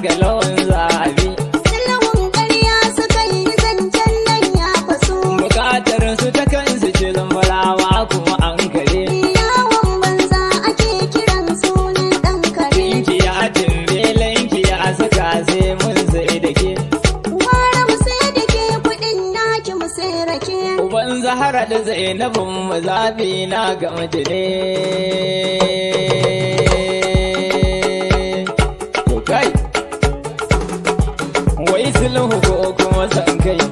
ga lawan zabi. Sallahun ƙarya su kan yi zancen nan ya faso. Bukatar su ta kan su ce zamarawa kuma an kare. Yawon banza ake kiran sunan ɗan kare. Kinkiya timbelan kiya saka, sai mun sai da ke. Wara mu sai da ke kuɗin naki mu sai rake. Uban Zahara da zainabin mu na ga majine. sulhu ko kuma san kai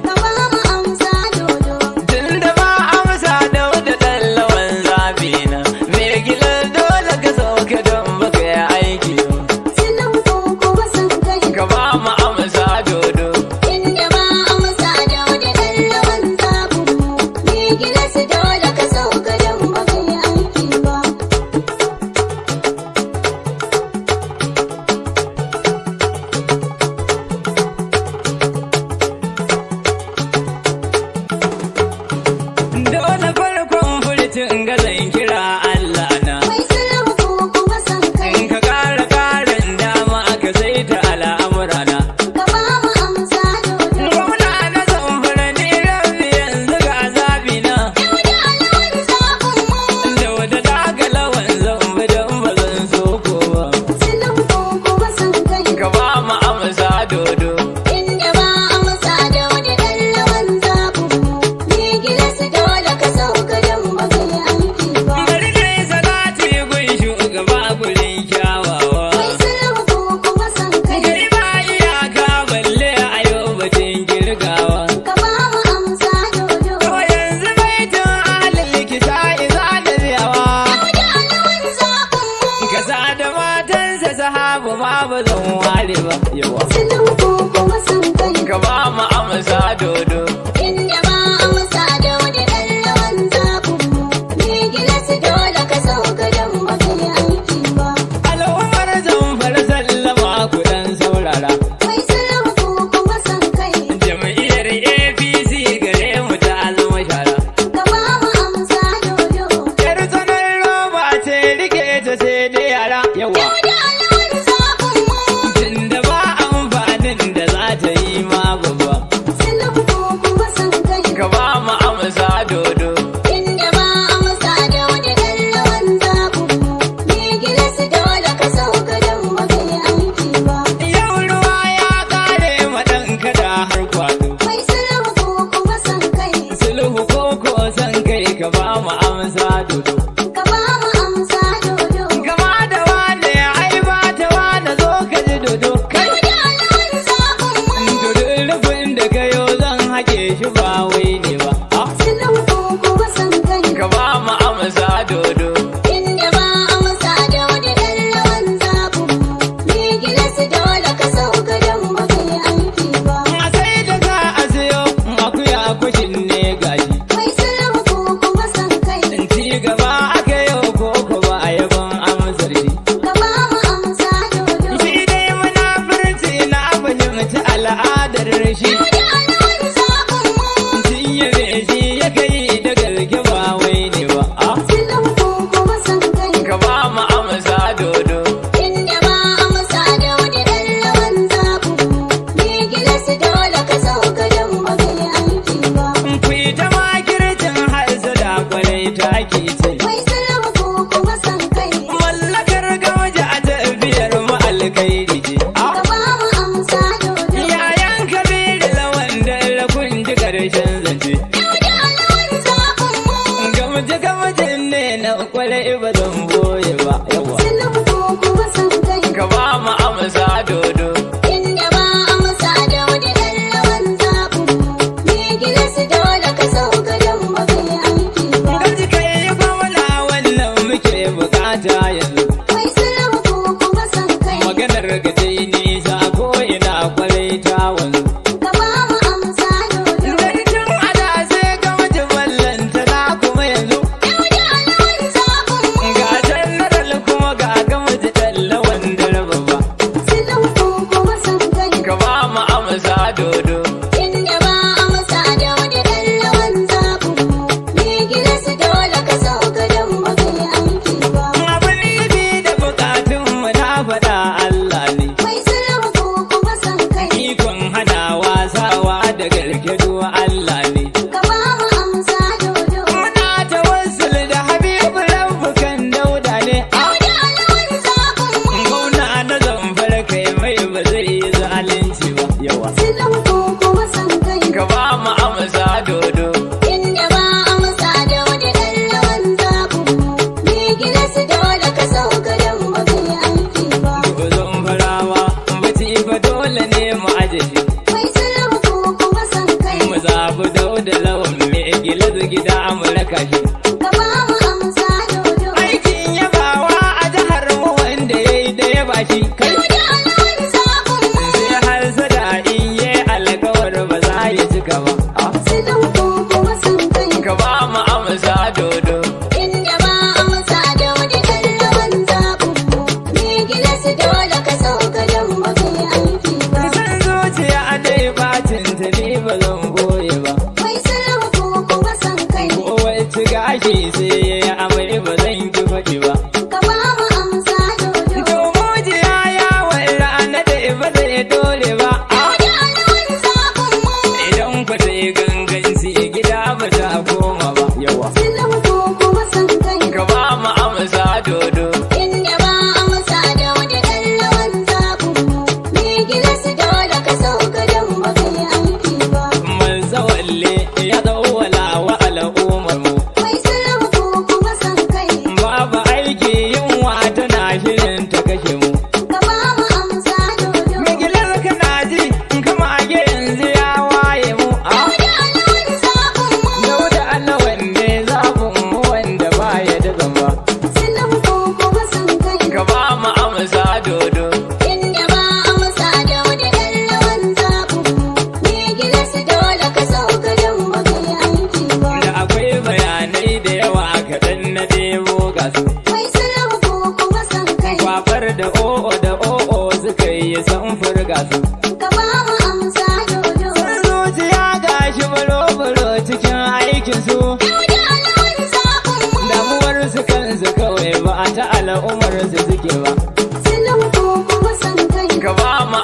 ba don goye ba yawa. Sannan ko kuma san kai. Ka ba mu amsa dodo.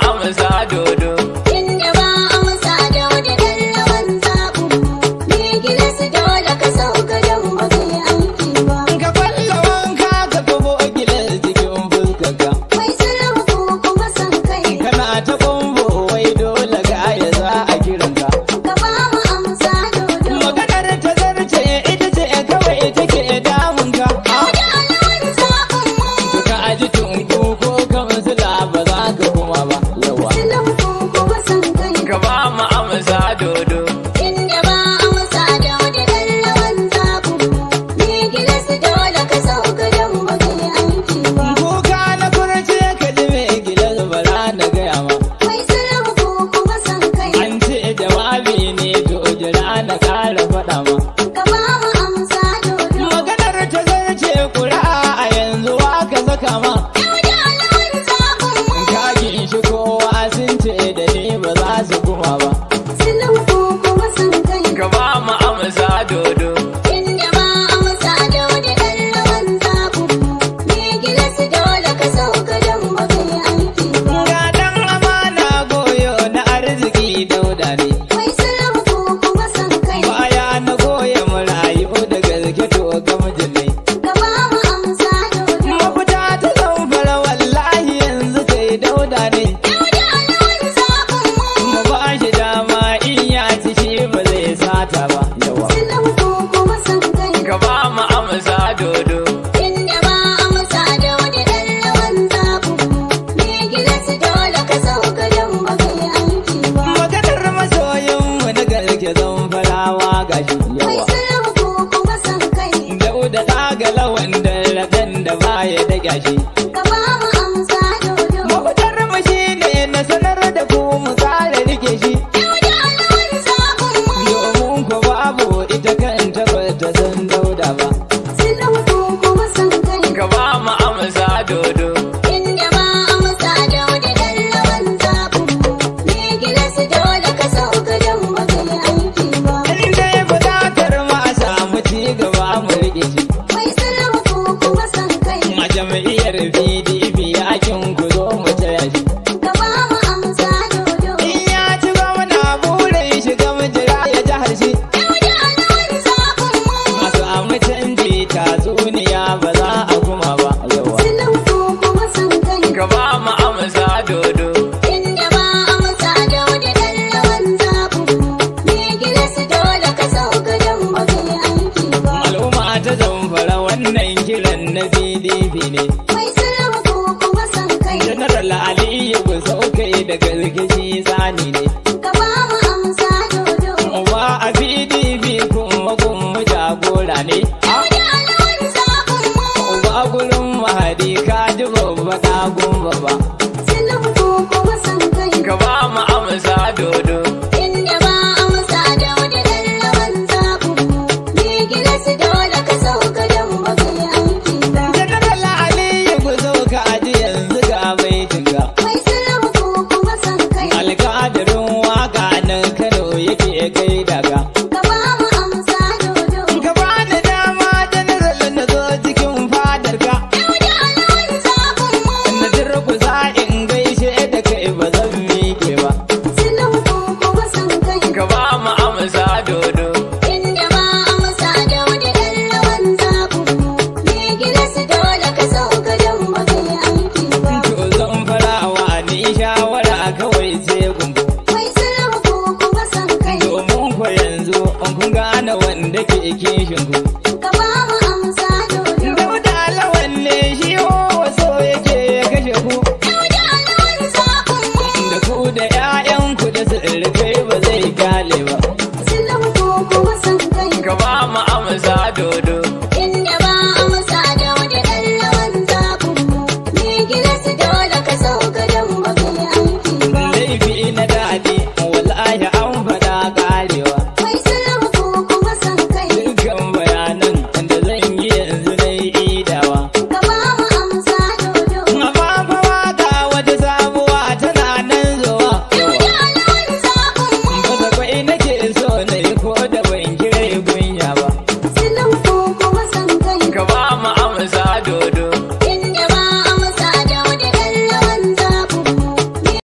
I'm a sad dodo ƙara faɗa ma babu ita PDP ne. Mai sarrafa ko kuma san kai. General Aliyu kun sauke daga rikici ne. Ka ba mu amsa dodo. Kuma a PDP kuma kun jagora ne. Ba gurin mahadi ka ji babba ta gumba ba.